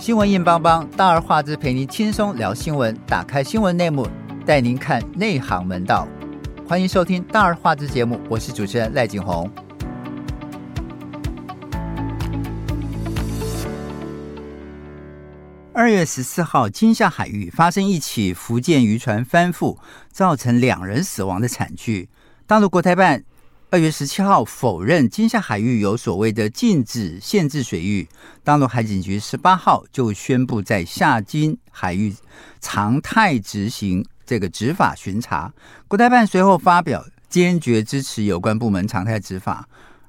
新聞硬邦邦，大而化之陪您輕鬆聊新聞。打開新聞內幕，帶您看內行門道。歡迎收聽大而化之節目，我是主持人賴景紅。二月十四號，金廈海域發生一起福建漁船翻覆，造成兩人死亡的慘劇。大陸國台辦。二月十七號否認金廈海域有所謂的禁止、限制水域，大陸海警局十八號就宣布在廈金海域常態執行這個執法巡查。國台辦隨後發表堅決支持有關部門常態執法。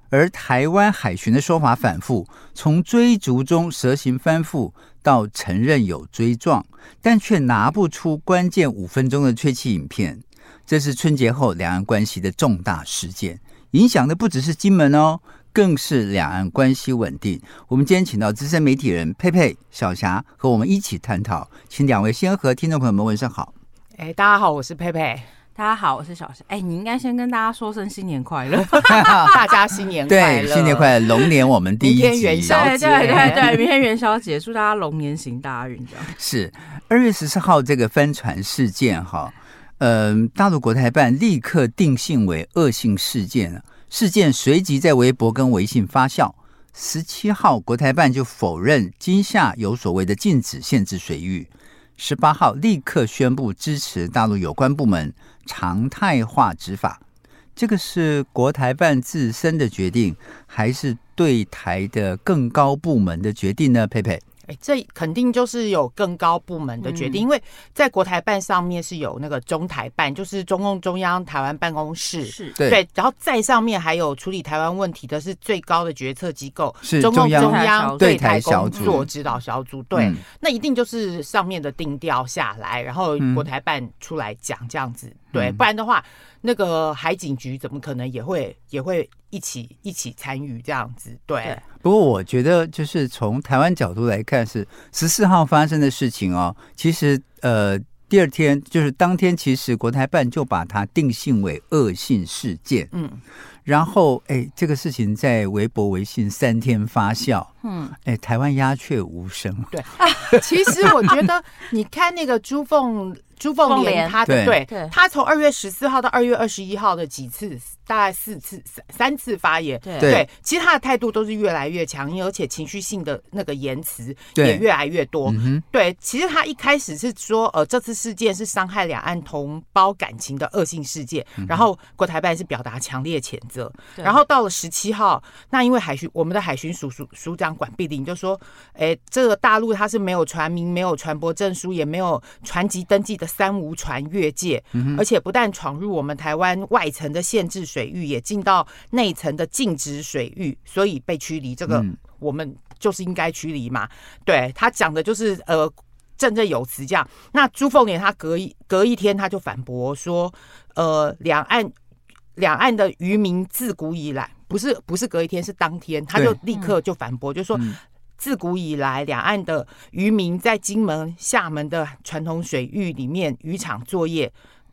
而台灣海巡的說法反覆，從追逐中蛇形翻覆到承認有追撞，但卻拿不出關鍵五分鐘的追緝影片。這是春節後兩岸關係的重大事件。影響的不只是金門哦，更是兩岸關係穩定。我們今天請到資深媒體人佩佩、小霞和我們一起探討，請兩位先和聽眾朋友們問聲好。哎、欸，大家好，我是佩佩。大家好，我是小霞。哎、欸，你應該先跟大家說聲新年快樂。大家新年快樂。 對，新年快樂，龍年我們第一集，明天元宵節。對對對，明天元宵節，祝大家龍年行大運。是二月十四號這個帆船翻船事件哈。嗯、呃，大陸國台辦立刻定性為惡性事件，事件隨即在微博跟微信發酵。十七號國台辦就否認金廈有所謂的禁止、限制水域。十八號立刻宣布支持大陸有關部門常態化執法。這個是國台辦自身的決定，還是對台的更高部門的決定呢？佩佩。欸、這肯定就是有更高部門的決定，嗯、因為在國台辦上面是有那個中台辦，就是中共中央台灣辦公室，是對，然後在上面還有處理台灣問題的是最高的決策機構，是中共中央對台工作指導小組，對，嗯、那一定就是上面的定調下來，然後國台辦出來講這樣子，嗯、對，不然的話，那個海警局怎麼可能也會也會一起一起參與這樣子，對，對。不過我覺得，就是從台灣角度來看，是十四號發生的事情哦。其實，呃，第二天就是當天，其實國台辦就把它定性為惡性事件。嗯。然後，哎、欸，這個事情在微博、微信三天發酵。嗯。哎、欸，台灣鴉雀無聲。對。其實，我覺得你看那個朱鳳 朱鳳蓮，他對蓮對？對他從二月十四號到二月二十一號的幾次。大概四次、三三次發言，對，對，其實他的態度都是越來越強，因為而且情緒性的那個言辭也越來越多。對，對，其實他一開始是說，呃，這次事件是傷害兩岸同胞感情的惡性事件，然後國台辦是表達強烈譴責。對然後到了十七號，那因為海巡，我們的海巡署署署長管碧玲就說，哎、欸，這個大陸他是沒有船名、沒有船舶證書、也沒有船籍登記的三無船越界，對而且不但闖入我們台灣外層的限制水水域也進到內層的禁止水域，所以被驅離。這個我們就是應該驅離嘛？嗯、對他講的就是呃，振振有詞這樣。那朱鳳蓮他隔一隔一天他就反駁說，呃，兩岸兩岸的漁民自古以來不是不是隔一天是當天，他就立刻就反駁，對就說、嗯、自古以來兩岸的漁民在金門、廈門的傳統水域裡面漁場作業。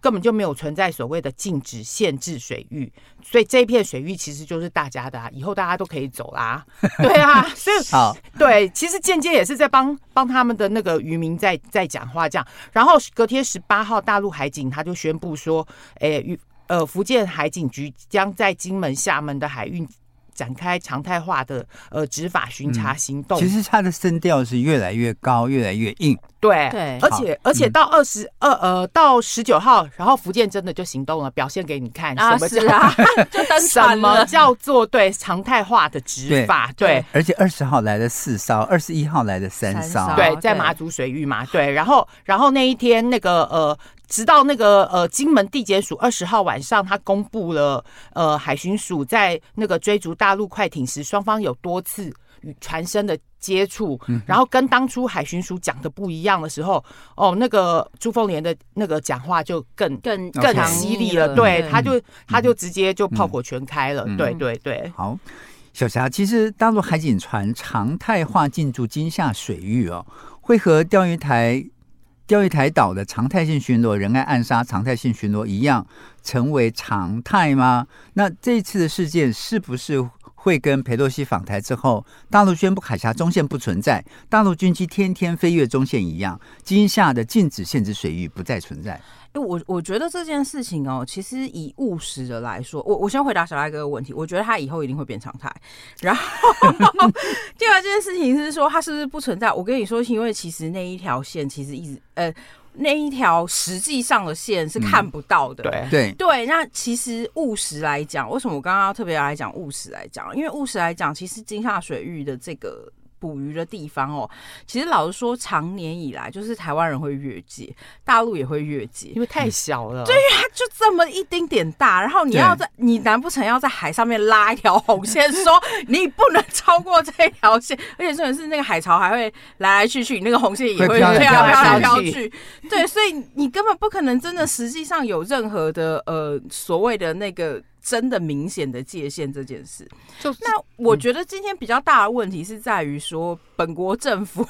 根本就沒有存在所謂的禁止、限制水域，所以這一片水域其實就是大家的、啊，以後大家都可以走啦。 對啊，所以好對，其實間接也是在幫幫他們的那個漁民在在講話這樣。然後隔天十八號，大陸海警他就宣布說，哎，呃，福建海警局將在金門、廈門的海域。展開常態化的呃執法巡查行動、嗯，其實他的聲調是越來越高，越來越硬。對對，對而且、嗯、而且到二十二呃到十九號，然後福建真的就行動了，表現給你看什麼啊，是啊，就登船了，什麼叫做對常態化的執法對，對，對，而且二十號來了四艘，二十一號來了三艘，對，對，在馬祖水域嘛對，然後然後那一天那個呃。直到那個呃，金門地檢署二十號晚上，他公布了呃，海巡署在那個追逐大陸快艇時，雙方有多次與船身的接觸，嗯、然後跟當初海巡署講的不一樣的時候，哦，那個朱鳳蓮的那個講話就更更更犀利了，okay, 對，他、嗯、就他就直接就炮火全開了，嗯嗯、對對對。好，小霞，其實大陸海警船常態化進駐金廈水域哦，會和釣魚台。釣魚台島的常態性巡邏、仁愛暗沙、常態性巡邏一樣成為常態嗎？那這次的事件是不是？會跟裴洛西訪台之後，大陸宣布海峽中線不存在，大陸軍機天天飛越中線一樣，金廈的禁止限制水域不再存在。哎，我我覺得這件事情哦，其實以務實的來說，我我先回答小賴哥的問題，我覺得他以後一定會變常態。然後 第二件事情是說，他是不是不存在？我跟你說，因為其實那一條線其實一直呃。那一條實際上的線是看不到的。嗯、對對對，那其實務實來講，為什麼我剛剛要特別來講務實來講？因為務實來講，其實金廈水域的這個。捕魚的地方哦、喔，其實老實說，常年以來就是台灣人會越界，大陸也會越界，因為太小了。對、嗯，它就這麼一丁點大，然後你要在對你難不成要在海上面拉一條紅線， 說你不能超過這條線？而且重點是那個海潮還會來來去去，那個紅線也會飄來飄去。去對，所以你根本不可能真的實際上有任何的呃所謂的那個。真的明顯的界限這件事，就是，那我覺得今天比較大的問題是在於說，本國政府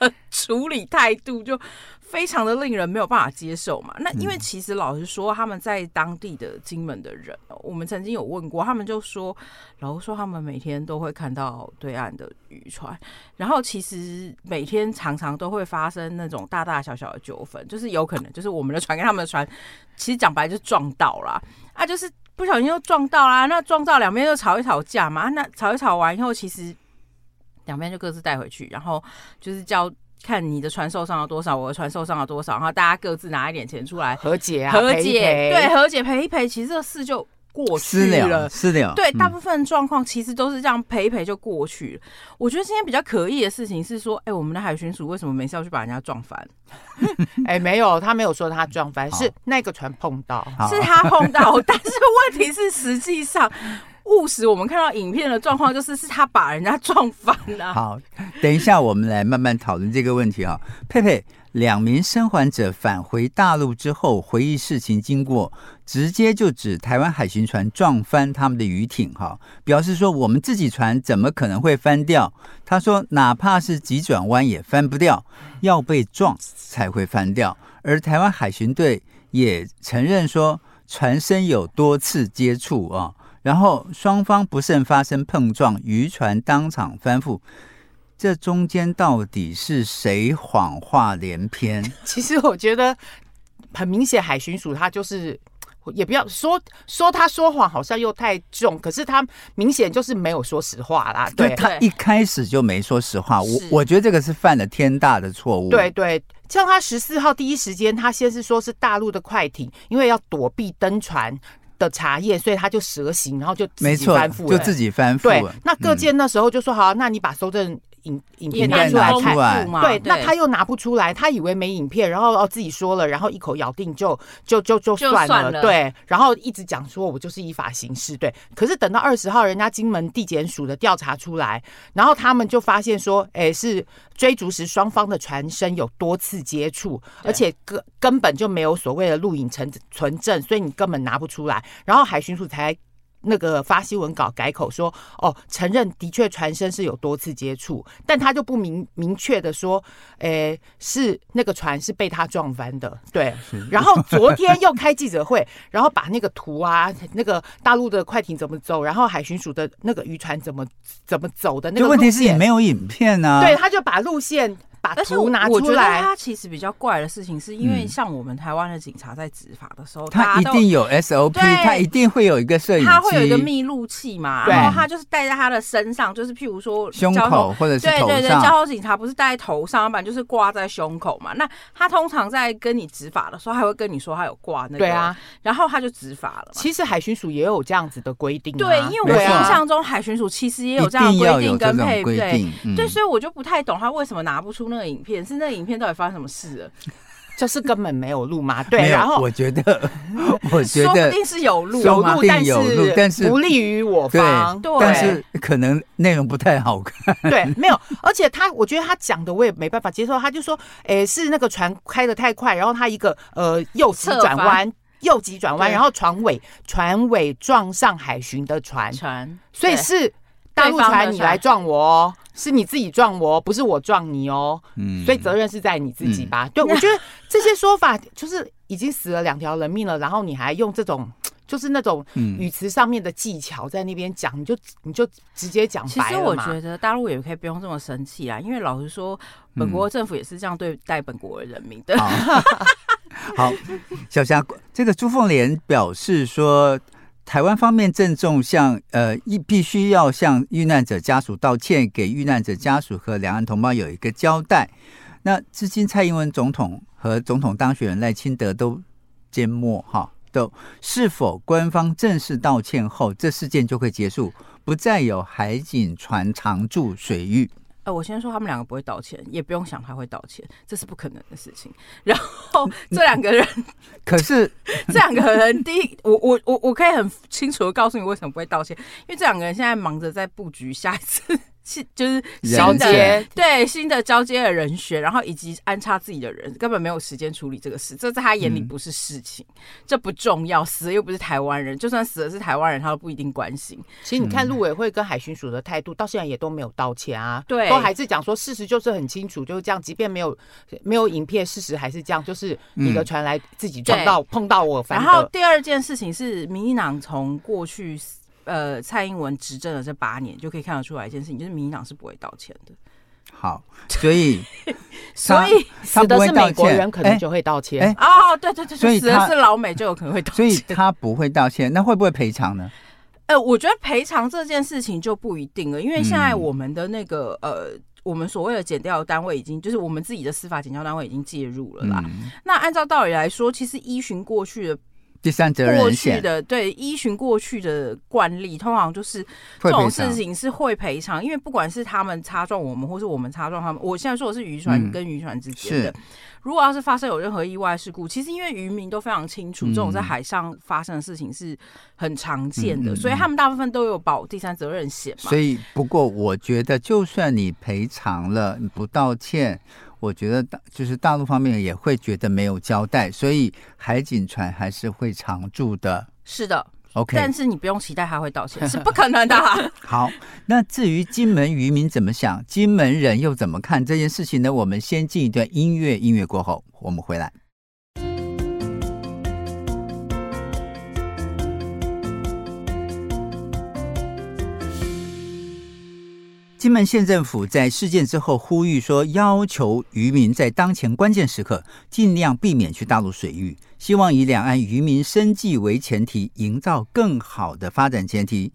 的處理態度就非常的令人沒有辦法接受嘛。那因為其實老實說，他們在當地的金門的人，嗯、我們曾經有問過，他們就說，老實說他們每天都會看到對岸的漁船，然後其實每天常常都會發生那種大大小小的糾紛，就是有可能就是我們的船跟他們的船，其實講白就撞到啦啊，就是。不小心又撞到啦，啊，那撞到兩邊就吵一吵架嘛，那吵一吵完以後，其實兩邊就各自帶回去，然後就是叫看你的船受傷了多少，我的船受傷了多少，然後大家各自拿一點錢出來和解啊，和解，陪陪對，和解賠一賠，其實這事就。過去了，是對，嗯、大部分狀況其實都是這樣，陪一陪就過去了。我覺得今天比較可疑的事情是說，哎、欸，我們的海巡署為什麼沒上去把人家撞翻？哎、 欸，沒有，他沒有說他撞翻，好是那個船碰到，好是他碰到， 但是問題是實際上，務實我們看到影片的狀況就是是他把人家撞翻了，啊，好，等一下我們來慢慢討論這個問題啊、哦，佩佩。兩名生還者返回大陸之後回憶事情經過，直接就指台灣海巡船撞翻他們的漁艇。哈、哦，表示說我們自己船怎麼可能會翻掉？他說，哪怕是急轉彎也翻不掉，要被撞才會翻掉。而台灣海巡隊也承認說，船身有多次接觸啊、哦，然後雙方不慎發生碰撞，漁船當場翻覆。這中間到底是誰謊話連篇？其實我覺得很明顯，海巡署他就是，也不要說說他說謊，好像又太重。可是他明顯就是沒有說實話啦。對，對他一開始就沒說實話。是我我覺得這個是犯了天大的錯誤。對對，像他十四號第一時間，他先是說是大陸的快艇，因為要躲避登船的查驗所以他就蛇行，然後就翻沒錯，就自己翻覆對，嗯、那各界那時候就說好、啊，那你把搜證。影影片拿出來對，那他又拿不出來，他以為沒影片，然後哦自己說了，然後一口咬定就就就就算了，對，然後一直講說我就是依法行事，對。可是等到二十號，人家金門地檢署的調查出來，然後他們就發現說，哎、欸，是追逐時雙方的船身有多次接觸，而且根根本就沒有所謂的錄影存存證，所以你根本拿不出來，然後海巡署才。那個發新聞稿改口說，哦，承認的確船身是有多次接觸，但他就不明明確的說，誒、欸，是那個船是被他撞翻的，對。然後昨天又開記者會， 然後把那個圖啊，那個大陸的快艇怎麼走，然後海巡署的那個漁船怎麼怎麼走的那個問題是也沒有影片啊，對，他就把路線。把圖拿出來。我我覺得他其實比較怪的事情，是因為像我們台灣的警察在執法的時候，嗯，他一定有 SOP，對他一定會有一個攝影機，他會有一個密錄器嘛，對然後他就是戴在他的身上，就是譬如說胸口或者是對對對，交通警察不是戴在頭上，不然就是掛在胸口嘛。那他通常在跟你執法的時候，還會跟你說他有掛那個。對啊，然後他就執法了。其實海巡署也有這樣子的規定，對，因為我印象中海巡署其實也有這樣規定跟配備。對，嗯、所以我就不太懂他為什麼拿不出。那個影片，是那個影片到底發生什麼事了？就是根本沒有錄嗎？對，然後我覺得，我覺得說不定是有錄，有錄，但是不利於我方。對，但是可能內容不太好看。對，沒有，而且他，我覺得他講的我也沒辦法接受。他就說，哎，是那個船開得太快，然後他一個呃右急轉彎，右急轉彎，然後船尾船尾撞上海巡的船，船，所以是。大陸船你來撞我，哦，是你自己撞我，不是我撞你哦。嗯，所以責任是在你自己吧？嗯，對，那我覺得這些說法就是已經死了兩條人命了，然後你還用這種就是那種語詞上面的技巧在那邊講，嗯，你就你就直接講白了嘛。其實我覺得大陸也可以不用這麼生氣啊，因為老實說，本國政府也是這樣對待本國的人民的。好，小霞，這個朱鳳蓮表示說。台灣方面鄭重向呃，必必須要向遇難者家屬道歉，給遇難者家屬和兩岸同胞有一個交代。那至今，蔡英文總統和總統當選人賴清德都緘默哈，都是否官方正式道歉後，這事件就會結束，不再有海警船常駐水域？呃、哦，我先說他們兩個不會道歉，也不用想他會道歉，這是不可能的事情。然後這兩個人，可是 這兩個人第一，我我我我可以很清楚的告訴你為什麼不會道歉，因為這兩個人現在忙着在布局下一次。是，就是交接解對新的交接的人選，然後以及安插自己的人，根本沒有時間處理這個事。這在他眼裡不是事情，嗯、這不重要。死的又不是台灣人，就算死的是台灣人，他都不一定關心。其實你看，陸委會跟海巡署的態度，到現在也都沒有道歉啊，對、嗯。都還是講說事實就是很清楚，就是這樣。即便沒有沒有影片，事實還是這樣。就是你的船來自己撞到、嗯、碰到我，反正然後第二件事情是民進黨從過去。呃，蔡英文執政的這八年，就可以看得出來一件事情，就是民進黨是不會道歉的。好，所以 他所以死的是美國人，可能就會道歉。欸、哦，對對對，所以死的是老美就有可能會道歉。所以他不會道歉，那會不會賠償呢？呃，我覺得賠償這件事情就不一定了，因為現在我們的那個呃，我們所謂的檢調單位已經就是我們自己的司法檢調單位已經介入了啦。嗯、那按照道理來說，其實依循過去的。第三責任險，過去的對，依循過去的慣例，通常就是這種事情是會賠償，因為不管是他們擦撞我們，或是我們擦撞他們。我現在說的是漁船跟漁船之間的，嗯、如果要是發生有任何意外事故，其實因為漁民都非常清楚，這種在海上發生的事情是很常見的，嗯、所以他們大部分都有保第三責任險嘛。所以，不過我覺得，就算你賠償了，你不道歉。我覺得大就是大陸方面也會覺得沒有交代，所以海警船還是會常駐的。是的，OK。但是你不用期待他會道歉， 是不可能的啊。 好，那至於金門漁民怎麼想，金門人又怎麼看這件事情呢？我們先進一段音樂，音樂過後我們回來。金門縣政府在事件之後呼籲說，要求漁民在當前關鍵時刻盡量避免去大陸水域，希望以兩岸漁民生計為前提，營造更好的發展前提。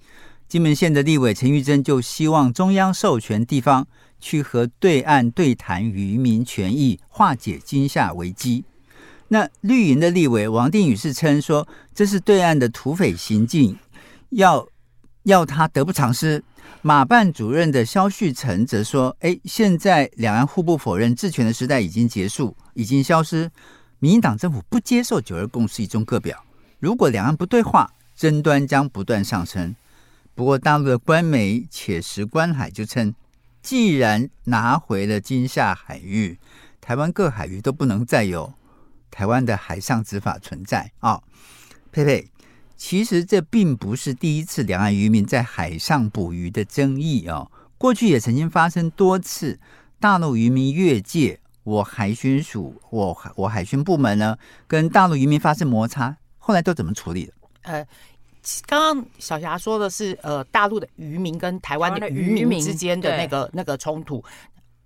金門縣的立委陳玉珍就希望中央授權地方去和對岸對談漁民權益，化解金廈危機。那綠營的立委王定宇是稱說，這是對岸的土匪行徑，要。要他得不償失。馬辦主任的蕭旭岑則說：“哎，現在兩岸互不否認治權的時代已經結束，已經消失。民進黨政府不接受九二共識一中各表。如果兩岸不對話，爭端將不斷上升。不過，大陸的官媒且時觀海就稱，既然拿回了金廈海域，台灣各海域都不能再有台灣的海上執法存在啊。哦”佩佩。其實這並不是第一次兩岸漁民在海上捕魚的爭議啊、哦，過去也曾經發生多次大陸漁民越界，我海巡署我我海巡部門呢跟大陸漁民發生摩擦，後來都怎麼處理的？呃，剛剛小霞說的是呃大陸的漁民跟台灣的漁民之間的那個的對那個衝突，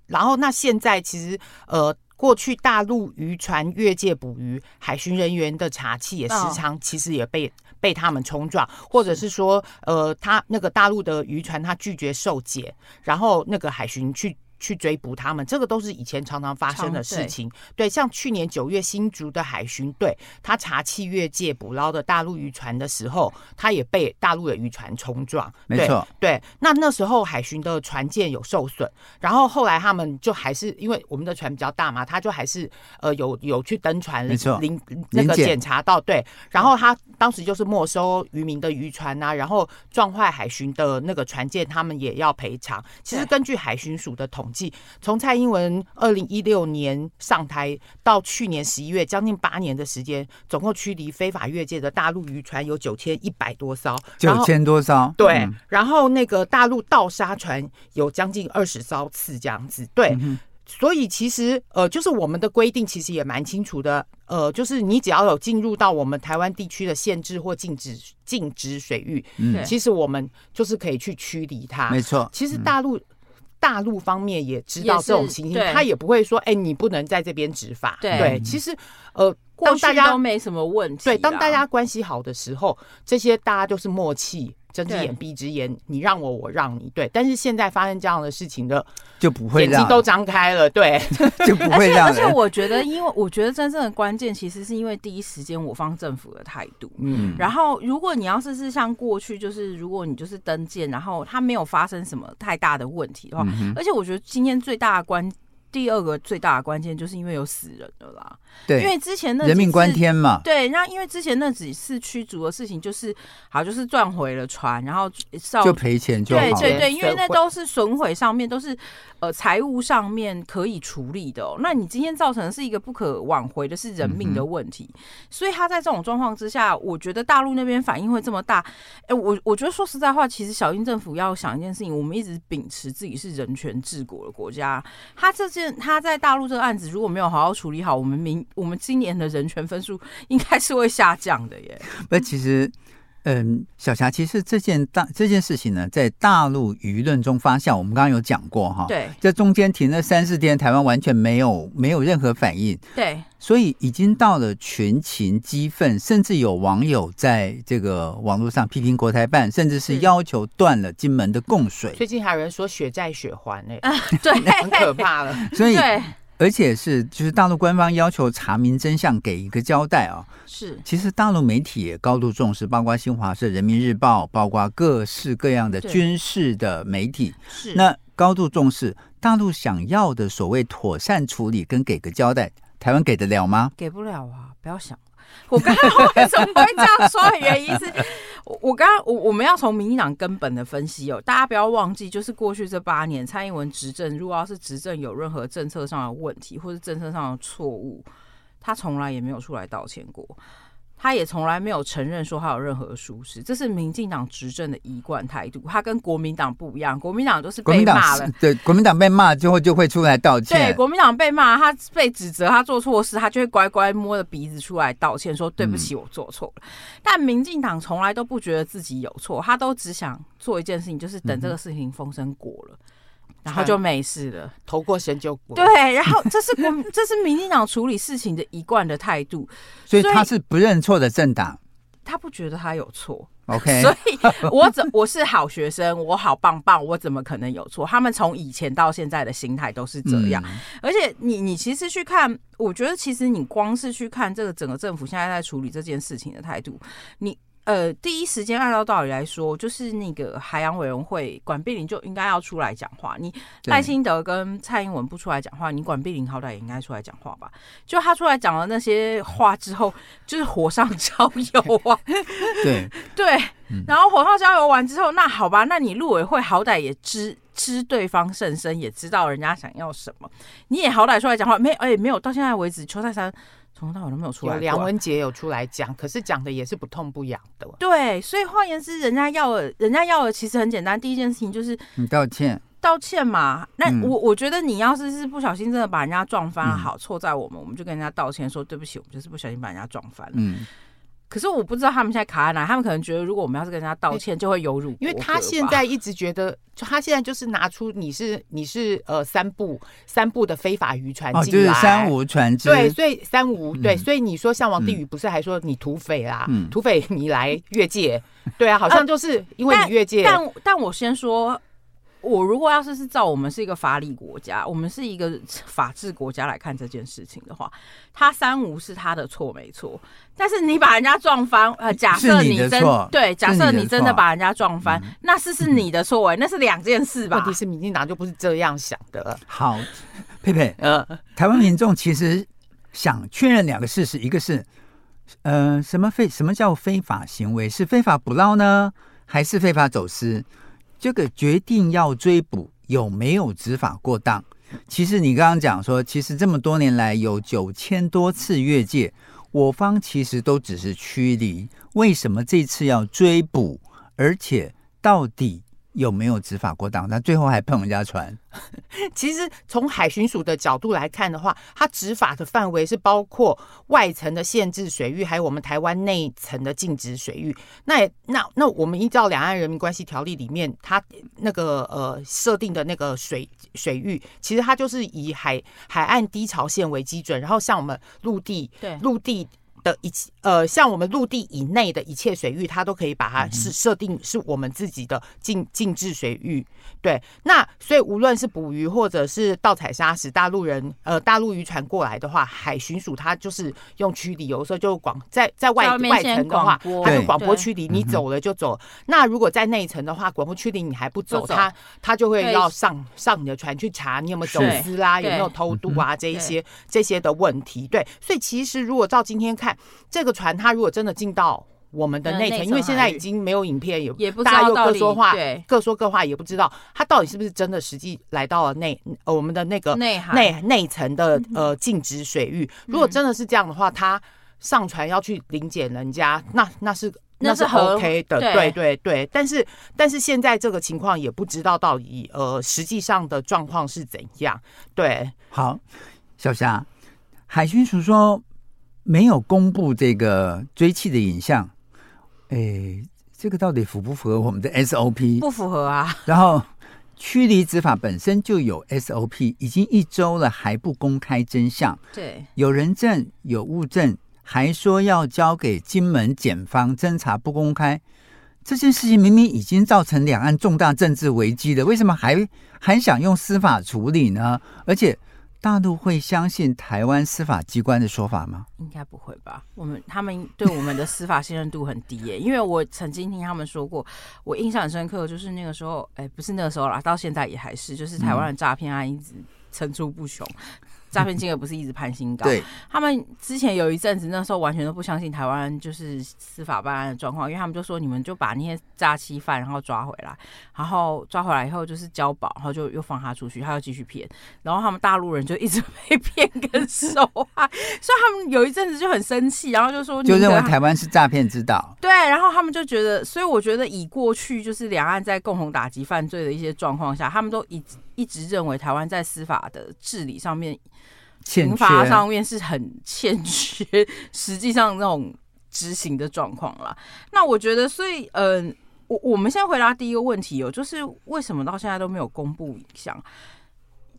然後那現在其實呃過去大陸漁船越界捕魚，海巡人員的查緝也時常其實也被。哦被他們衝撞，或者是說，呃，他那個大陸的漁船他拒絕受檢，然後那個海巡去。去追捕他們，這個都是以前常常發生的事情。對,對，像去年九月新竹的海巡隊，他查緝越界捕撈的大陸漁船的時候，他也被大陸的漁船衝撞。沒錯，對。那那時候海巡的船艦有受損，然後後來他們就還是因為我們的船比較大嘛，他就還是呃有有去登船，領那個檢查到對。然後他當時就是沒收漁民的漁船吶、啊，然後撞壞海巡的那個船艦，他們也要賠償。其實根據海巡署的統,對統計，從蔡英文二零一六年上台到去年十一月，將近八年的時間，總共驅離非法越界的大陸漁船有九千一百多艘，九千多艘。對，嗯、然後那個大陸盜沙船有將近二十艘次這樣子。對，嗯、哼所以其實呃，就是我們的規定其實也蠻清楚的。呃，就是你只要有進入到我們台灣地區的限制或禁止禁止水域，嗯、其實我們就是可以去驅離它。沒錯，其實大陸。嗯大陸方面也知道這種情形，也他也不會說：“哎、欸，你不能在這邊執法。”對，對嗯、其實呃，過去當大家都沒什麼問題，對，當大家關係好的時候，這些大家都是默契。睜隻眼閉隻眼，你讓我，我讓你，對。但是現在發生這樣的事情的，就不會。眼睛都張開了，對，就不會讓。 而且而且，我覺得，因為我覺得真正的關鍵，其實是因為第一時間我方政府的態度。嗯。然後，如果你要是是像過去，就是如果你就是登艦，然後它沒有發生什麼太大的問題的話，而且我覺得今天最大的關。第二個最大的關鍵就是因為有死人的啦，對，因為之前那人命關天嘛，對，那因為之前那幾次驅逐的事情，就是啊，就是好，就是賺回了船，然後少，就賠錢就好了對對對，因為那都是損毀上面都是呃財務上面可以處理的。喔，那你今天造成的是一個不可挽回的是人命的問題，嗯、哼所以他在這種狀況之下，我覺得大陸那邊反應會這麼大，哎、欸，我我覺得說實在話，其實小英政府要想一件事情，我們一直秉持自己是人權治國的國家，他這次。他在大陸這個案子如果沒有好好處理好，我們明我們今年的人權分數應該是會下降的耶。不，其實。嗯，小霞，其實這件大這件事情呢，在大陸輿論中發酵。我們剛剛有講過哈，對，在中間停了三四天，台灣完全沒有沒有任何反應，對，所以已經到了群情激憤，甚至有網友在這個網絡上批評國台辦，甚至是要求斷了金門的供水。嗯，最近還有人說血債血還嘞，欸啊，對， 很可怕了。所以。對而且是，就是大陸官方要求查明真相，給一個交代啊、哦。是，其實大陸媒體也高度重視，包括新華社、人民日報，包括各式各樣的軍事的媒體。是對，那高度重視大陸想要的所謂妥善處理跟給個交代，台灣給得了嗎？給不了啊，不要想。我剛剛為什麼會這樣說的原因是 我剛剛，我我剛剛我我們要從民進黨根本的分析哦，大家不要忘記，就是過去這八年蔡英文執政，如果要是執政有任何政策上的問題或是政策上的錯誤，他從來也沒有出來道歉過。他也從來沒有承認說他有任何的疏失，這是民進黨執政的一貫態度。他跟國民黨不一樣，國民黨都是被罵了，對，國民黨被罵之後就會出來道歉。對，國民黨被罵，他被指責他做錯事，他就會乖乖摸着鼻子出來道歉，說對不起，我做錯了。嗯、但民進黨從來都不覺得自己有錯，他都只想做一件事情，就是等這個事情風聲過了。嗯然後就沒事了，投過錢就過。對。然後這是國，這是民進黨處理事情的一貫的態度， 所以，所以他是不認錯的政黨，他不覺得他有錯。OK，所以我怎我是好學生， 我好棒棒，我怎麼可能有錯？他們從以前到現在的心態都是這樣，嗯。而且你你其實去看，我覺得其實你光是去看這個整個政府現在在處理這件事情的態度，你。呃，第一時間按照道理來說，就是那個海洋委員會管碧玲就應該要出來講話。你賴清德跟蔡英文不出來講話，對你管碧玲好歹也應該出來講話吧？就他出來講了那些話之後，哦、就是火上澆油啊！ 對對，然後火上澆油完之後，嗯、那好吧，那你陸委會好歹也知知對方甚深，也知道人家想要什麼，你也好歹出來講話。沒，哎、欸，沒有，到現在為止，邱太三。從頭到尾都沒有出來，啊有，梁文傑有出來講， 可是講的也是不痛不癢的啊。對，所以換言之，人家要人家要的其實很簡單，第一件事情就是你道歉，道歉嘛。那，嗯、我我覺得你要是不是不小心真的把人家撞翻，好，嗯、錯在我們，我們就跟人家道歉，說，對不起，我們就是不小心把人家撞翻了。嗯可是我不知道他們現在卡在哪，他們可能覺得如果我們要是跟他道歉，就會有辱、欸。因為他現在一直覺得，他現在就是拿出你是你是呃三部三部的非法漁船進來，哦就是、三無船隻對，所以三無、嗯、對，所以你說像王定宇不是還說你土匪啦，嗯、土匪你來越界，嗯、對啊，好像就是因為你越界，呃、但但，但我先說。我如果要是是照我們是一個法理國家，我們是一個法治國家來看這件事情的話，他三無是他的錯沒錯，但是你把人家撞翻，呃，假設你真你對，假設你真的把人家撞翻，是那是是你的錯、欸，嗯、那是兩件事吧？問題是民進黨就不是這樣想的。好，佩佩，呃、嗯，台灣民眾其實想確認兩個事實，一個是，嗯、呃，什麼非什麼叫非法行為，是非法捕撈呢，還是非法走私？這個決定要追捕，有沒有執法過當？其實你剛剛講說，其實這麼多年來有九千多次越界，我方其實都只是驅離。為什麼這次要追捕？而且到底？有沒有執法過當，那最後還碰人家船。 其實從海巡署的角度來看的話，它執法的範圍是包括外層的限制水域，還有我們台灣內層的禁止水域。那那那我們依照兩岸人民關係條例裡面，它那個呃設定的那個水水域，其實它就是以海海岸低潮線為基準，然後像我們陸地對陸地。對的一切呃，像我們陸地以內的一切水域，它都可以把它設設定是我們自己的禁禁制水域。對，那所以無論是捕魚或者是盜採砂石，大陸人呃大陸漁船過來的話，海巡署它就是用驅離，有時候就廣在在外外層的話，它就廣播驅離，你走了就走了。對那如果在內層的話，廣播驅離，你還不走，不走它它就會要上以上你的船去查你有沒有走私啦、啊，有沒有偷渡啊，這一些對對這些的問題。對，所以其實如果照今天看。這個船，它如果真的進到我們的內層，嗯、因為現在已經沒有影片，也不道道大家又各說話，對各說各話，也不知道它到底是不是真的實際來到了內、呃、我們的那個內內內層的、嗯、哼呃禁止水域。如果真的是這樣的話，他、嗯、上船要去臨檢人家，那那是那是 OK 的，對，對對對。但是但是現在這個情況也不知道到底呃實際上的狀況是怎樣。對，好，小霞，海巡署說。沒有公布這個追緝的影像，哎，這個到底符不符合我們的 SOP？不符合啊。然後，驅離執法本身就有 SOP，已經一周了還不公開真相。對，有人證有物證，還說要交給金門檢方偵查不公開，這件事情明明已經造成兩岸重大政治危機了，為什麼還還想用司法處理呢？而且。大陸會相信台灣司法機關的說法嗎？應該不會吧。我們他們對我們的司法信任度很低耶、欸， 因為我曾經聽他們說過，我印象很深刻，就是那個時候，哎、欸，不是那個時候啦，到現在也還是，就是台灣的詐騙啊，嗯、一直。層出不窮，詐騙金額不是一直攀新高。 對，他們之前有一陣子，那時候完全都不相信台灣就是司法辦案的狀況，因為他們就說：“你們就把那些詐欺犯然後抓回來，然後抓回來以後就是交保，然後就又放他出去，他又繼續騙。”然後他們大陸人就一直被騙跟受害， 所以他們有一陣子就很生氣，然後就說你：“就認為台灣是詐騙之島。”對，然後他們就覺得，所以我覺得以過去就是兩岸在共同打擊犯罪的一些狀況下，他們都已一直認為台灣在司法的治理上面，刑罰缺上面是很欠缺，實際上那種執行的狀況啦。那我覺得，所以，嗯、呃，我我們先回答第一個問題有、哦，就是為什麼到現在都沒有公布影像？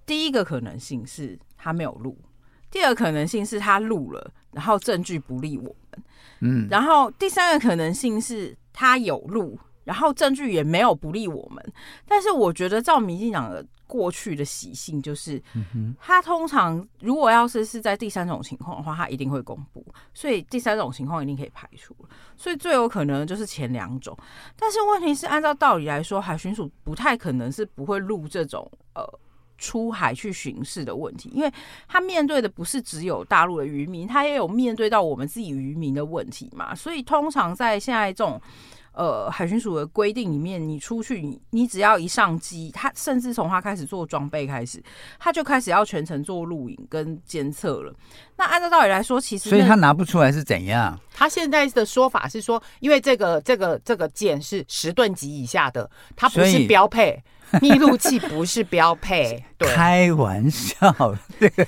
第一個可能性是他沒有錄，第二個可能性是他錄了，然後證據不利我們，嗯，然後第三個可能性是他有錄。然後證據也沒有不利我們，但是我覺得照民進黨的過去的習性，就是、嗯、哼他通常如果要是是在第三種情況的話，他一定會公布，所以第三種情況一定可以排除，所以最有可能就是前兩種，但是問題是按照道理來說，海巡署不太可能是不會錄這種呃出海去巡視的問題，因為他面對的不是只有大陸的漁民，他也有面對到我們自己漁民的問題嘛，所以通常在現在這種。呃，海巡署的規定裡面，你出去你，你你只要一上機，他甚至從他開始做裝備開始，他就開始要全程做錄影跟監測了。那按照道理來說，其實所以他拿不出來是怎樣？嗯，他現在的說法是說，因為這個這個這個艦是十噸級以下的，它不是標配。密錄器不是標配，開玩笑，這個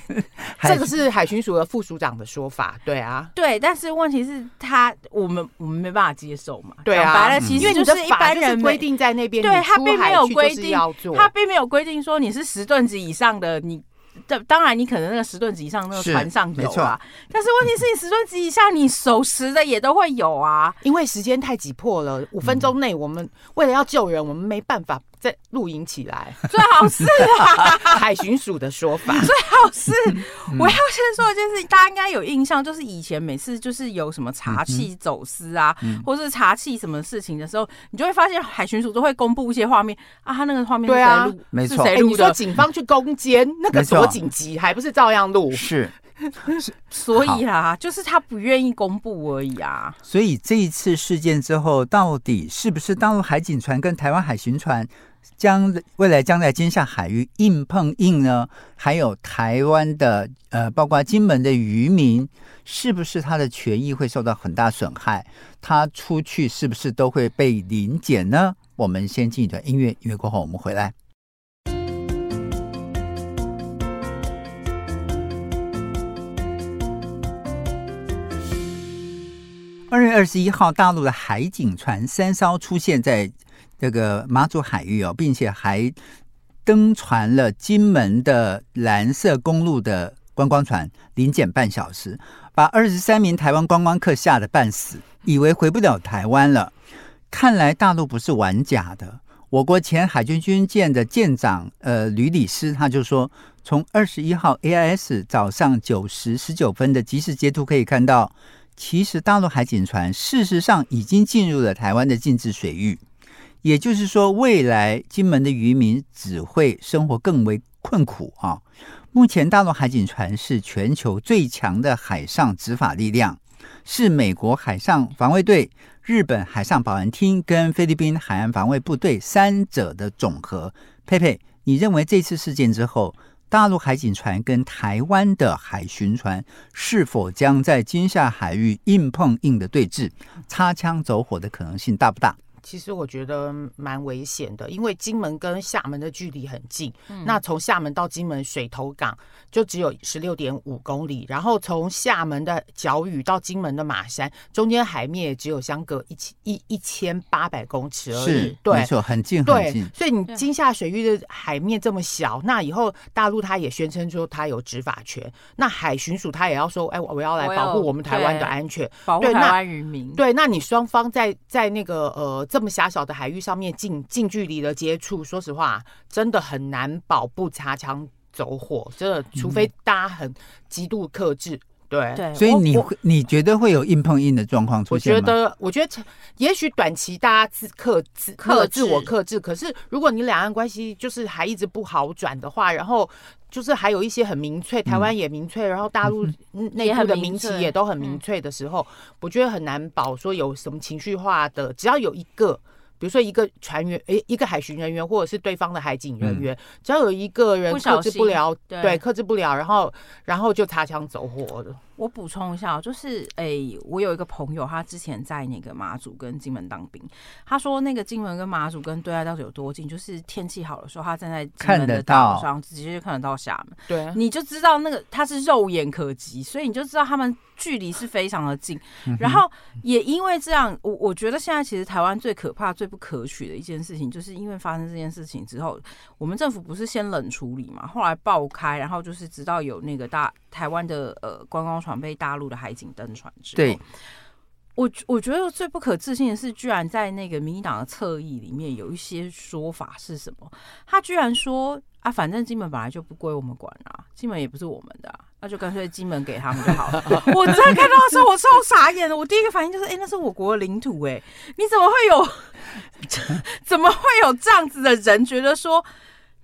這個是海巡署的副署長的說法。對啊，對，但是問題是，他我們我們沒辦法接受嘛，對啊，因為就是一般人規定在那邊，對，他並沒有規定，他並沒有規定說你是十噸級以上的，你這當然你可能那個十噸級以上那個船上有啊，但是問題是你十噸級以下你手持的也都會有啊，因為時間太急迫了，五分鐘內我們為了要救人，我們沒辦法。在錄影起來，最好是、啊、 海巡署的說法，最好是。我要先說一件事情，大家應該有印象，就是以前每次就是有什麼查緝走私啊，嗯、或者是查緝什麼事情的時候，嗯、你就會發現海巡署都會公布一些畫面啊，他那個畫面誰對啊，是誰沒錯錯。哎、欸，你說警方去攻堅， 那個什麼警局還不是照樣錄？錯 是， 所以啊，好就是他不願意公布而已啊。所以這一次事件之後，到底是不是大陸海警船跟台灣海巡船？將未來將在金廈海域硬碰硬呢？還有台灣的呃，包括金門的漁民，是不是他的權益會受到很大損害？他出去是不是都會被臨檢呢？我們先進一段音樂，音樂過後我們回來。二月二十一號，大陸的海警船三艘出現在。這個馬祖海域哦，並且還登船了金門的藍色公路的觀光船，臨檢半小時，把二十三名台灣觀光客嚇得半死，以為回不了台灣了。看來大陸不是玩假的。我國前海軍軍艦的艦長呃呂禮詩，他就說，從二十一號 AIS 早上九時十九分的即時截圖可以看到，其實大陸海警船事實上已經進入了台灣的禁制水域。也就是說，未來金門的漁民只會生活更為困苦啊！目前大陸海警船是全球最強的海上執法力量，是美國海上防衛隊、日本海上保安廳跟菲律賓海岸防衛部隊三者的總和。佩佩，你認為這次事件之後，大陸海警船跟台灣的海巡船是否將在金廈海域硬碰硬的對峙，擦槍走火的可能性大不大？其實我覺得蠻危險的，因為金門跟廈門的距離很近，嗯、那從廈門到金門水頭港就只有十六點五公里，然後從廈門的角嶼到金門的馬山，中間海面也只有相隔一千一一千八百公尺而已，是對沒錯，很近對很近。所以你金廈水域的海面這麼小，那以後大陸他也宣稱說他有執法權，那海巡署他也要說，哎、欸，我要來保護我們台灣的安全，對保護台灣漁民對那。對，那你雙方在在那個呃。這麼狹小的海域上面近、近距離的接觸，說實話，真的很難保不擦槍走火。真的，除非大家很極度克制，對。所以你你覺得會有硬碰硬的狀況出現嗎？我覺得，我覺得也許短期大家自克、克制、克自我克制。可是，如果你兩岸關係就是還一直不好轉的話，然後。就是還有一些很民粹，台灣也民粹，嗯、然後大陸內部的民氣也都很民粹的時候，我覺得很難保說有什麼情緒化的。嗯、只要有一個，比如說一個船員，誒、欸，一個海巡人員或者是對方的海警人員，嗯、只要有一個人克制不了，不對，克制不了，然後然後就擦槍走火了。我補充一下，就是誒、欸，我有一個朋友，他之前在那個馬祖跟金門當兵。他說那個金門跟馬祖跟對岸到底有多近？就是天氣好的時候，他站在金門的島上，直接就看得到廈門。對，你就知道那個他是肉眼可及，所以你就知道他們距離是非常的近。嗯、哼然後也因為這樣，我我覺得現在其實台灣最可怕、最不可取的一件事情，就是因為發生這件事情之後，我們政府不是先冷處理嘛？後來爆開，然後就是直到有那個大台灣的呃觀光。船被大陸的海警登船之後，對，我我覺得最不可置信的是，居然在那個民黨的側翼裡面有一些說法是什麼？他居然說啊，反正金門本來就不歸我們管啊，金門也不是我們的、啊，那、啊、就乾脆金門給他們就好了。 我在看到的時候我超傻眼的，我第一個反應就是，哎、欸，那是我國的領土、欸，哎，你怎麼會有，怎麼會有這樣子的人覺得說？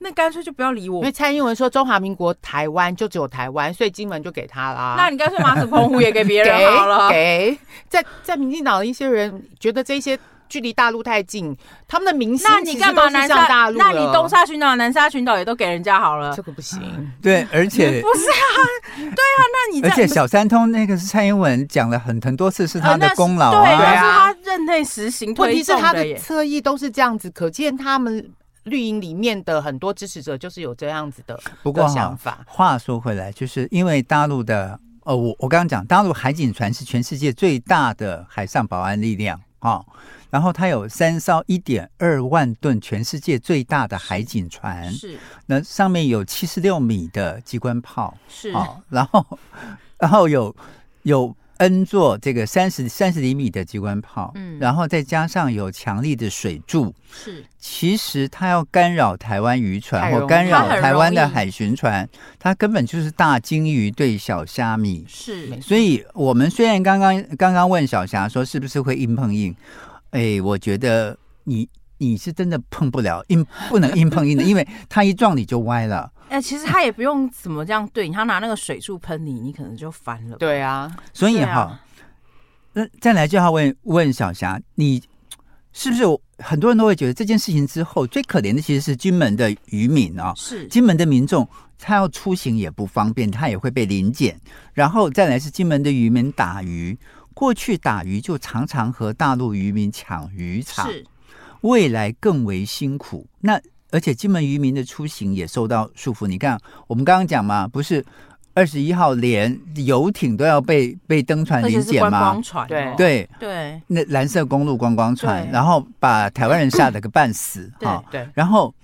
那乾脆就不要理我，因為蔡英文說中華民國台灣就只有台灣，所以金門就給他了。那你乾脆馬祖澎湖也給別人好了。 給，給在在民進黨的一些人覺得這些距離大陸太近，他們的民，那你幹嘛南下大陸？那你東沙群島、南沙群島也都給人家好了，這個不行。對，而且 不是啊，對啊，那你而且小三通那個是蔡英文講了很很多次是他的功勞、啊呃、對，對啊，但是他任內實行。問題是他的側翼都是這樣子，可見他們。綠營裡面的很多支持者就是有這樣子的，不過、哦、想法，話說回來，就是因為大陸的，呃、哦，我我剛剛講，大陸海警船是全世界最大的海上保安力量、哦、然後它有三艘一點二萬噸，全世界最大的海警船，是，那上面有七十六米的機關炮，哦、是然，然後然後有有。有 N 座這個三十三十厘米的機關炮，嗯，然後再加上有強力的水柱，是，其實它要干擾台灣漁船或用干擾台灣的海巡船，它，它根本就是大鯨魚對小蝦米，是。所以我們雖然剛剛剛剛問小霞說是不是會硬碰硬，哎，我覺得你你是真的碰不了，硬不能硬碰硬的， 因為它一撞你就歪了。哎，其實他也不用怎麼這樣對你，他拿那個水柱噴你，你可能就翻了。對啊，啊、所以哈，那再來就要問問小霞，你是不是很多人都會覺得這件事情之後最可憐的其實是金門的漁民啊、喔？是金門的民眾，他要出行也不方便，他也會被臨檢。然後再來是金門的漁民打魚，過去打魚就常常和大陸漁民搶漁場，是未來更為辛苦。那而且金門漁民的出行也受到束縛。你看，我們剛剛講嘛，不是二十一號連遊艇都要被被登船臨檢嗎？是觀光船有沒有，對對，對那藍色公路觀光船，對然後把台灣人嚇得個半死哈。對，哦、對，然後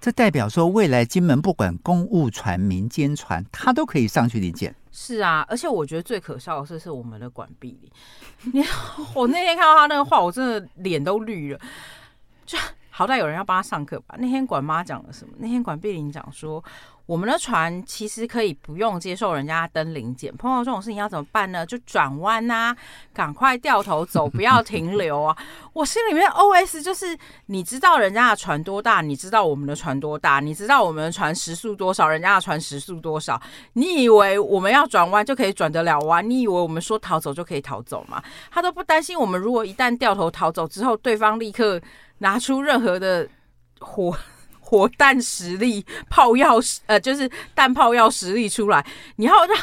這代表說，未來金門不管公務船、民間船，他都可以上去臨檢。是啊，而且我覺得最可笑的是，是我們的管碧玲，你 我那天看到他那個話，我真的臉都綠了，就。好歹有人要幫他上課吧？那天管媽講了什麼？那天管碧玲講說，我們的船其實可以不用接受人家登臨檢。碰到這種事情要怎麼辦呢？就轉彎吶，趕快掉頭走，不要停留啊！ 我心裡面 OS 就是：你知道人家的船多大？你知道我們的船多大？你知道我們的船時速多少？人家的船時速多少？你以為我們要轉彎就可以轉得了彎，啊？你以為我們說逃走就可以逃走嗎？他都不擔心我們，如果一旦掉頭逃走之後，對方立刻。拿出任何的火火彈實力、炮藥呃，就是彈炮藥實力出來，你要讓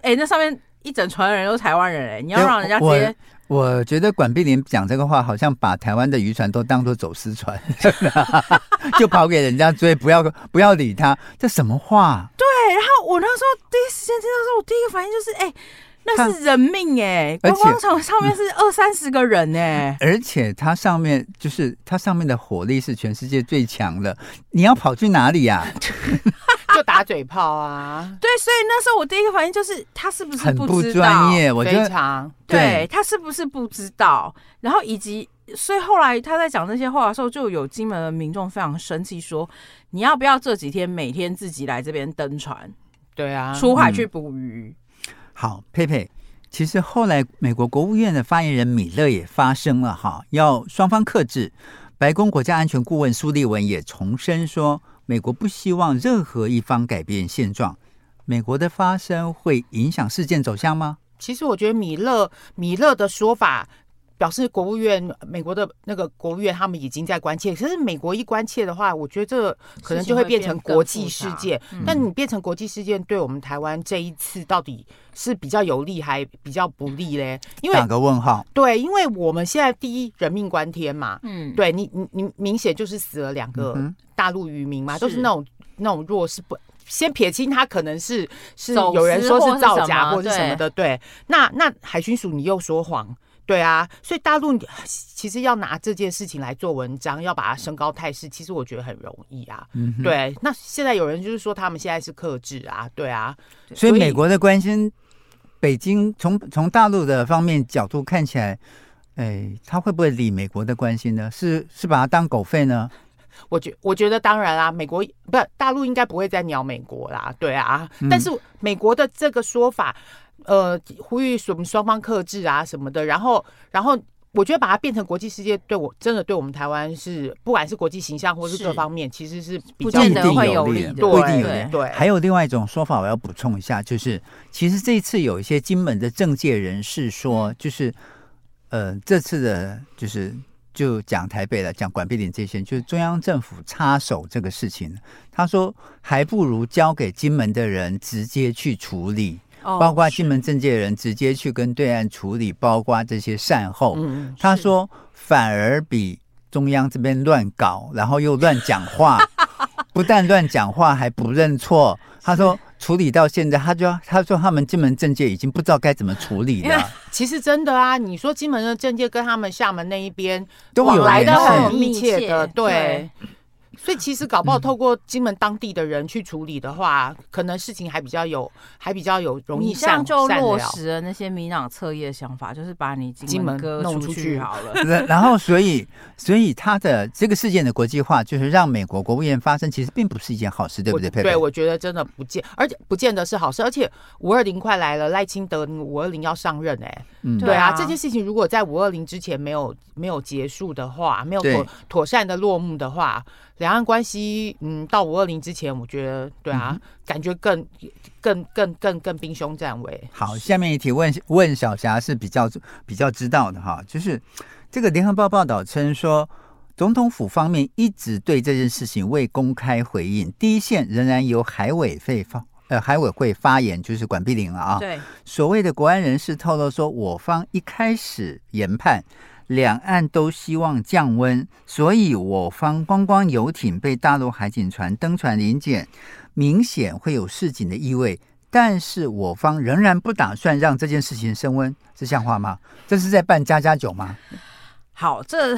哎、欸，那上面一整船的人都是台灣人、欸，你要讓人家接我。我覺得管碧玲講這個話，好像把台灣的漁船都當作走私船， 就跑給人家追，不要不要理他，這什麼話？對，然後我那時候第一時間聽到時候，我第一個反應就是哎。欸那是人命哎、欸，觀光船上面是二三十個人哎、欸，而且它上面就是它上面的火力是全世界最強的，你要跑去哪裡呀、啊？ 就打嘴炮啊！對，所以那時候我第一個反應就是他是不是不知道很不專業？我覺得常對，他是不是不知道？然後以及所以後來他在講那些話的時候，就有金門的民眾非常生氣，說你要不要這幾天每天自己來這邊登船？對啊，出海去捕魚。嗯好，佩佩，其實後來美國國務院的發言人米勒也發聲了，哈，要雙方克制。白宮國家安全顧問蘇利文也重申說，美國不希望任何一方改變現狀。美國的發聲會影響事件走向嗎？其實我覺得米勒米勒的說法。表示國務院，美國的那個國務院，他們已經在關切。可是美國一關切的話，我覺得這可能就會變成國際事件。嗯、但你變成國際事件，對我們台灣這一次到底是比較有利還比較不利嘞？因為兩個問號？對，因為我們現在第一人命關天嘛。嗯。對你，你你明顯就是死了兩個大陸漁民嘛，嗯、哼都是那種那種弱勢。不先撇清他可能是是有人說是造假或是什麼的。對。那那海巡署，你又說謊。對啊，所以大陸其實要拿這件事情來做文章，要把它升高態勢，其實我覺得很容易啊。嗯、哼對，那現在有人就是說他們現在是克制啊，對啊。所以美國的關心，以北京從從大陸的方面角度看起來，哎，他會不會理美國的關心呢？是是把它當狗吠呢？我覺我覺得當然啦、啊，美國不是大陸應該不會再鳥美國啦，對啊。嗯、但是美國的這個說法。呃，呼籲什麼雙方克制啊什麼的，然後，然後我覺得把它變成國際事件，對，我真的對我們台灣是，不管是國際形象或是各方面，是其實是比較得會有利。對對，還有另外一種說法，我要補充一下，就是其實這一次有一些金門的政界人士說，就是呃，這次的，就是就講台北了，講管碧玲這些，就是中央政府插手這個事情，他說還不如交給金門的人直接去處理。包括金門政界的人直接去跟對岸處理，包括這些善後。嗯、他說，反而比中央這邊亂搞，然後又亂講話， 不但亂講話還不認錯。 他說，處理到現在，他就他說他們金門政界已經不知道該怎麼處理了。其實真的啊，你說金門的政界跟他們廈門那一邊，往來都有來的很密切的，對。所以其實搞不好透過金門當地的人去處理的話，嗯、可能事情還比較有，還比較有容易上周落實了，了那些民進黨側翼的想法，就是把你金門哥弄出去好了。 然後，所以，所以他的這個事件的國際化，就是讓美國國務院發聲，其實並不是一件好事，對不對？對，我覺得真的不見，而且不見得是好事。而且五二零快來了，賴清德五二零要上任哎，對啊。這件事情如果在五二零之前沒有沒有結束的話，沒有妥妥善的落幕的話。兩岸關係，嗯，到五二零之前，我覺得對啊，嗯、哼感覺更、更、更、更、更兵凶戰危。好，下面一題問問小霞是比較比較知道的哈，就是這個聯合報報道稱說，總統府方面一直對這件事情未公開回應，第一線仍然由海委會發呃海委會發言，就是管碧玲了啊。對，所謂的國安人士透露說，我方一開始研判。兩岸都希望降溫，所以我方觀光，光遊艇被大陸海警船登船臨檢，明顯會有示警的意味。但是我方仍然不打算讓這件事情升溫，這像話嗎？這是在辦家家酒嗎？好，這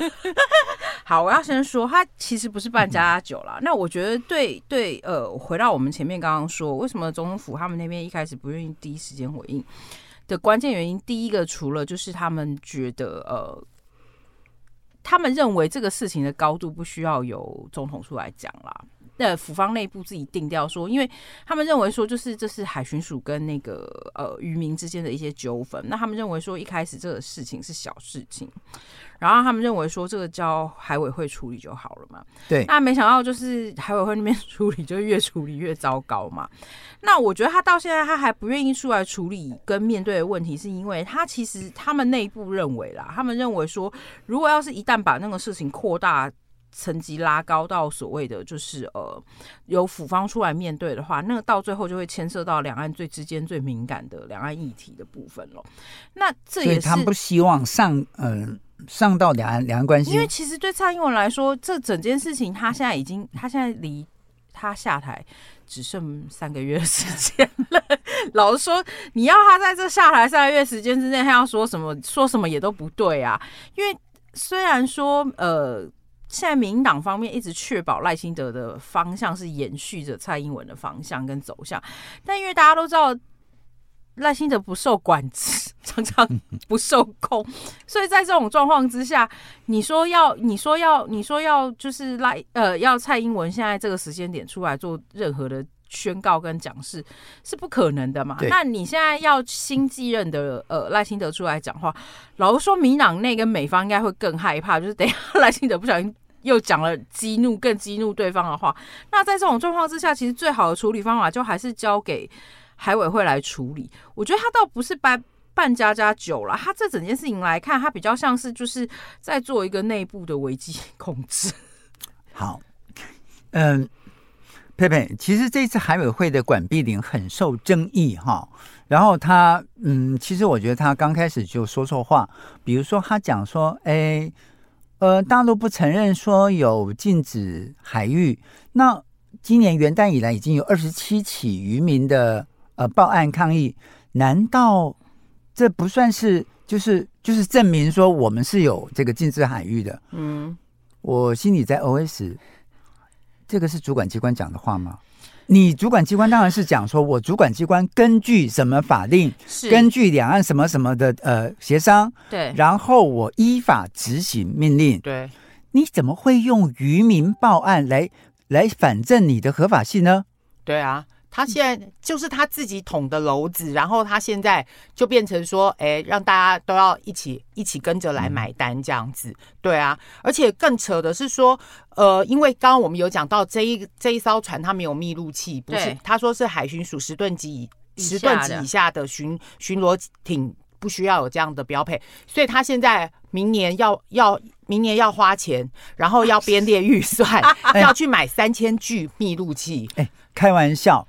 好，我要先說，它其實不是辦家家酒了。 那我覺得對，對對，呃，回到我們前面剛剛說，為什麼總統府他們那邊一開始不願意第一時間回應？的關鍵原因，第一個，除了就是他們覺得，呃，他們認為這個事情的高度不需要由總統出來講啦。那、呃、府方內部自己定調，說，因為他們認為說，就是這是海巡署跟那個呃漁民之間的一些糾紛。那他們認為說，一開始這個事情是小事情，然後他們認為說，這個交海委會處理就好了嘛。對。那沒想到就是海委會那邊處理就越處理越糟糕嘛。那我覺得他到現在他還不願意出來處理跟面對的問題，是因為他其實他們內部認為啦，他們認為說，如果要是一旦把那個事情擴大。層級拉高到所謂的就是呃，由輔方出來面對的話，那個到最後就會牽涉到兩岸最之間最敏感的兩岸議題的部分了。那這也是他不希望上嗯、呃、上到兩岸兩岸關係，因為其實對蔡英文來說，這整件事情他現在已經他現在離他下台只剩三個月的時間了。 老實說，你要他在這下台三個月時間之內，他要說什麼說什麼也都不對啊。因為雖然說呃。現在民進黨方面一直確保賴清德的方向是延續着蔡英文的方向跟走向，但因為大家都知道賴清德不受管制，常常不受控，所以在這種狀況之下，你說要，你說要，你說要，就是賴，呃，要蔡英文現在這個時間點出來做任何的。宣告跟講事是不可能的嘛？對那你現在要新繼任的呃賴清德出來講話，老實說民黨內跟美方應該會更害怕，就是等一下賴清德不小心又講了激怒更激怒對方的話。那在這種狀況之下，其實最好的處理方法就還是交給海委會來處理。我覺得他倒不是辦扮家家酒了，他這整件事情來看，他比較像是就是在做一個內部的危機控制。好，嗯。佩佩，其實這次海委會的管碧玲很受爭議哈，然後他嗯，其實我覺得他剛開始就說錯話，比如說他講說，誒，呃，大陸不承認說有禁止海域，那今年元旦以來已經有二十七起漁民的呃報案抗議，難道這不算是就是就是證明說我們是有這個禁止海域的？嗯，我心裡在 OS。這個是主管機關講的話嗎？你主管機關當然是講說，我主管機關根據什麼法令，是根據兩岸什麼什麼的呃協商，對，然後我依法執行命令，對，你怎麼會用漁民報案來來反證你的合法性呢？對啊。他現在就是他自己捅的簍子，嗯、然後他現在就變成說，哎，讓大家都要一起一起跟着來買單這樣子，嗯、對啊。而且更扯的是說，呃，因為剛剛我們有講到這一這一艘船它沒有密錄器，不是對他說是海巡署十噸級以十噸級以下的巡下的巡邏艇不需要有這樣的標配，所以他現在明年要要明年要花錢，然後要編列預算，啊、要去買三千 具密錄器，哎。開玩笑。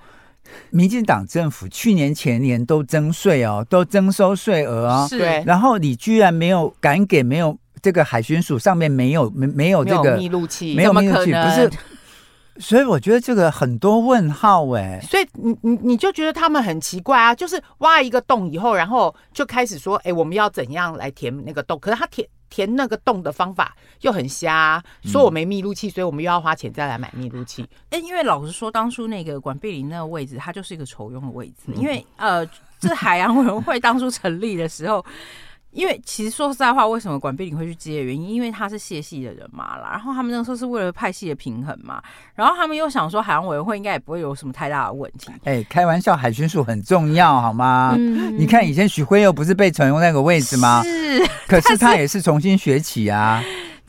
民進黨政府去年、前年都徵稅哦，都徵收稅額哦。是。然後你居然沒有敢給，沒有這個海巡署上面沒有沒有沒有這個密錄器，沒有密錄器。不是，所以我覺得這個很多問號哎。所以你你你就覺得他們很奇怪啊，就是挖一個洞以後，然後就開始說：“哎，我們要怎樣來填那個洞？”可是他填。填那個洞的方法又很瞎，啊，嗯、說我沒密錄器，所以我們又要花錢再來買密錄器。哎、欸，因為老實說，當初那個管碧玲那個位置，它就是一個酬庸的位置，嗯、因為呃， 這海洋委員會當初成立的時候。因為其實說實在話，為什麼管碧玲會去接的原因，因為他是謝系的人嘛啦，然後他們那時候是為了派系的平衡嘛，然後他們又想說海洋委員會應該也不會有什麼太大的問題。哎、欸，開玩笑，海巡署很重要好嗎？嗯、你看以前許惠祐不是被重用那個位置嗎？是，是可是他也是重新學起啊。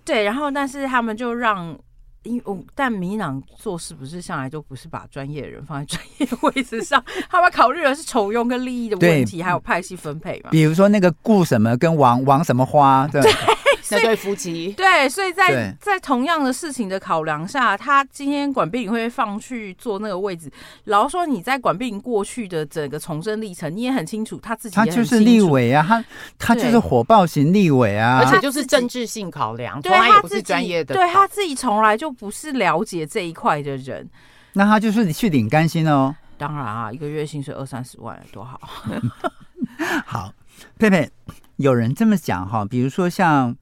對，然後但是他們就讓。因為但民黨做事不是向來就不是把專業的人放在專業的位置上，他們考慮的是酬庸跟利益的問題，對還有派系分配嘛。比如說那個顧什麼跟王王什麼花，對。對這對夫妻對，所以在在同樣的事情的考量下，對他今天管碧玲會放去坐那個位置，然後說，你在管碧玲過去的整個重生歷程，你也很清楚他自己，他就是立委啊，他他就是火爆型立委啊，對而且就是政治性考量，他考對他自己，對他自己從來就不是了解這一塊的人，那他就是你去領乾薪哦，當然啊，一個月薪水二三十萬多好， 好佩佩，有人這麼講哈，比如說像。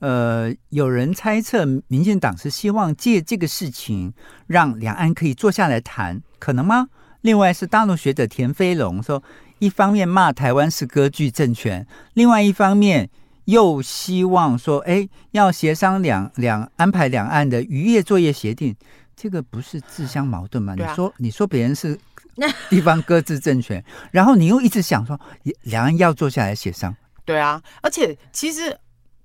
呃，有人猜測民進黨是希望借這個事情讓兩岸可以坐下來談，可能嗎？另外是大陸學者田飛龍說，一方面罵台灣是割據政權，另外一方面又希望說，哎，要協商兩兩安排兩岸的漁業作業協定，這個不是自相矛盾嗎？對啊，你說你說別人是那地方割據政權， 然後你又一直想說兩岸要坐下來協商，對啊，而且其實。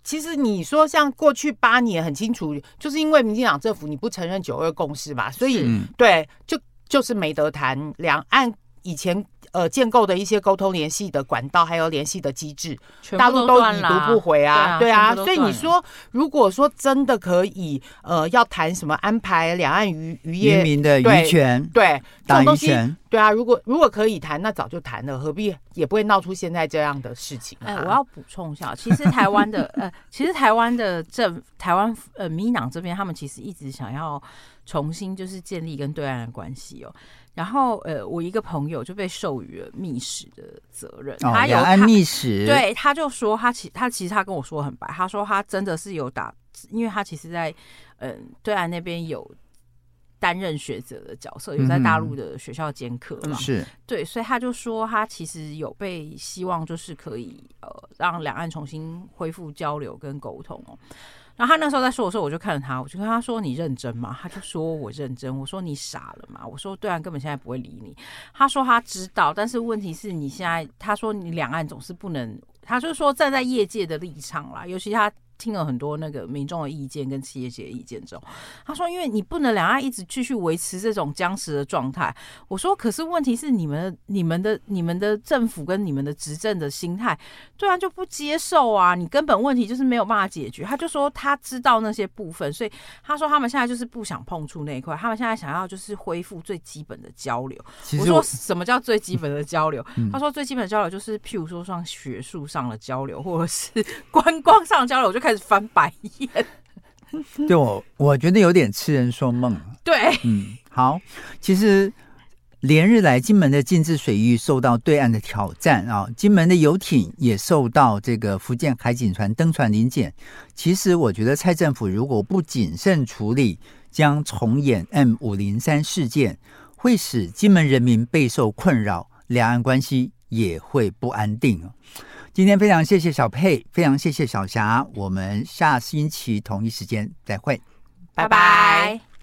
其實你說像過去八年很清楚，就是因為民進黨政府你不承認九二共識嘛，所以對，就就是沒得談，兩岸以前。呃，建構的一些溝通聯繫的管道，還有聯繫的機制，全部都已讀不回啊，對啊，所以你說，如果說真的可以，呃，要談什麼安排兩岸漁漁業漁民的漁權，對這種東西，對啊，如果如果可以談，那早就談了，何必也不會鬧出現在這樣的事情，啊。哎，我要補充一下，其實台灣的呃，其實台灣的政，台灣呃民黨這邊，他們其實一直想要。重新就是建立跟對岸的關係哦，然後呃，我一個朋友就被授予了密使的責任，兩岸密使對，他就說他其他其實他跟我說很白，他說他真的是有打，因為他其實在嗯、呃、對岸那邊有擔任學者的角色，有在大陸的學校兼課嘛，是對，所以他就說他其實有被希望就是可以呃讓兩岸重新恢復交流跟溝通哦、喔。然後他那時候在說，我說我就看着他，我就跟他說：“你認真嗎？”他就說我認真。我說：“你傻了嗎？”我說：“對啊，根本現在不會理你。”他說他知道，但是問題是你現在他說你兩岸總是不能，他就說站在業界的立場啦，尤其他。聽了很多那個民眾的意見跟企業界的意見之後，他說：“因為你不能兩岸一直繼續維持這種僵持的狀態。”我說：“可是問題是，你們的、你們的、你們的政府跟你們的執政的心態，對啊，就不接受啊。你根本問題就是沒有辦法解決。”他就說：“他知道那些部分，所以他說他們現在就是不想碰觸那一塊，他們現在想要就是恢復最基本的交流。”我說：“什麼叫最基本的交流？”他說：“最基本的交流就是譬如說，像學術上的交流，或者是觀光上的交流。”我就。開始翻白眼， 對，我我覺得有點痴人說夢。對，嗯，好，其實連日來，金門的禁制水域受到對岸的挑戰啊、哦，金門的遊艇也受到這個福建海警船登船臨檢。其實我覺得，蔡政府如果不謹慎處理，將重演 M 五零三事件，會使金門人民備受困擾，兩岸關係。也會不安定。今天非常謝謝小佩，非常謝謝小霞。我們下星期同一時間再會，拜拜。